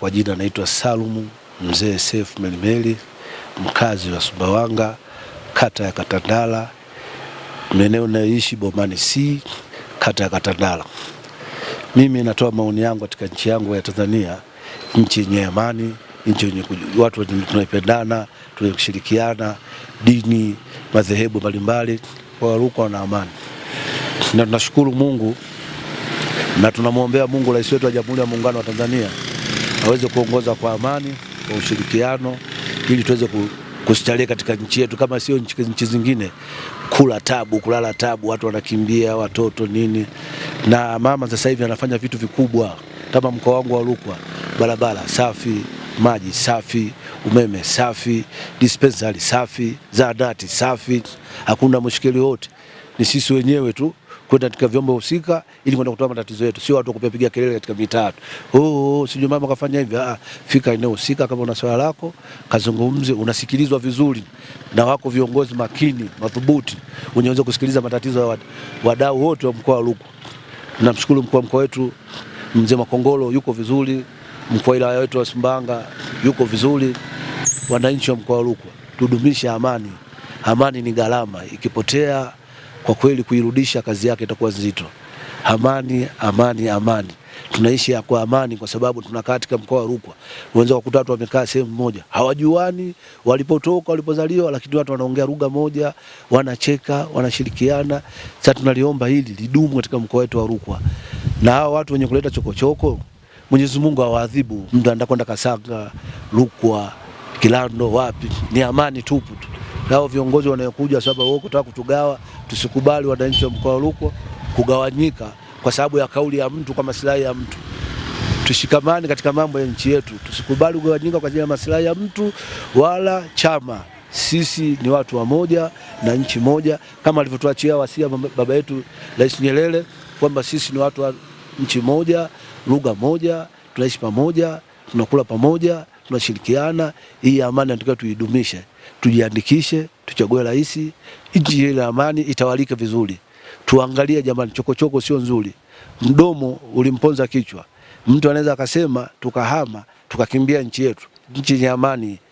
Kwa jina naitwa Salumu Mzee Sefu Melimeli, mkazi wa Sumbawanga, kata ya Katandala, maeneo inayoishi Bomani C, kata ya Katandala. Mimi natoa maoni yangu katika nchi yangu ya Tanzania, nchi yenye amani, nchi yenye watu tunaipendana, tuna kushirikiana dini, madhehebu mbalimbali kwa na amani, na tunashukuru Mungu na tunamwombea Mungu rais wetu wa Jamhuri ya Muungano wa Tanzania aweze kuongoza kwa amani, kwa ushirikiano, ili tuweze kustarehe katika nchi yetu, kama sio nchi zingine kula tabu, kulala tabu, watu wanakimbia watoto nini. Na mama sasa hivi anafanya vitu vikubwa kama mkoa wangu wa Rukwa, barabara safi, maji safi umeme safi, dispensari safi, zahanati safi, hakuna mshikeli wote. Ni sisi wenyewe tu kwenda katika vyombo husika ili kwenda kutoa matatizo yetu, sio watu kupiga kelele katika mitaa tu. Oh, oh, oh sijui mama kafanya hivi. Ah, ah, fika eneo husika, kama una swala lako kazungumze, unasikilizwa vizuri na wako viongozi makini madhubuti, unyeweza kusikiliza matatizo ya wadau wote wa mkoa wa Rukwa. Namshukuru mkuu wa mkoa wetu Mzee Makongolo yuko vizuri mkuu wa wilaya wetu wa Sumbawanga yuko vizuri. Wananchi wa mkoa wa Rukwa, tudumisha amani. Amani ni gharama, ikipotea kwa kweli kuirudisha kazi yake itakuwa nzito. Amani, amani, amani. Tunaishi kwa amani kwa sababu tunakaa katika mkoa wa Rukwa. Wenza wa kutatu wamekaa sehemu moja, hawajuani walipotoka, walipozaliwa, lakini watu wanaongea lugha moja, wanacheka, wanashirikiana. Sasa tunaliomba hili lidumu katika mkoa wetu wa Rukwa, na hao watu wenye kuleta chokochoko Mwenyezi Mungu awaadhibu. Mtu kwenda Kasanga, Rukwa, Kilando, wapi, ni amani tupu tu. Hao viongozi wanayokuja sababu wao kutaka kutugawa, tusikubali wananchi wa mkoa wa Rukwa kugawanyika kwa sababu ya kauli ya mtu kwa maslahi ya mtu. Tushikamane katika mambo ya nchi yetu, tusikubali kugawanyika kwa ajili ya maslahi ya mtu wala chama. Sisi ni watu wa moja na nchi moja, kama alivyotuachia wasia baba yetu Rais Nyerere kwamba sisi ni watu wa nchi moja, lugha moja, tunaishi pamoja, tunakula pamoja, tunashirikiana. Hii amani natakiwa tuidumishe, tujiandikishe, tuchague rais, nchi ile amani itawalike vizuri. Tuangalie jamani, chokochoko sio nzuri, mdomo ulimponza kichwa. Mtu anaweza akasema tukahama tukakimbia nchi yetu, nchi yenye amani.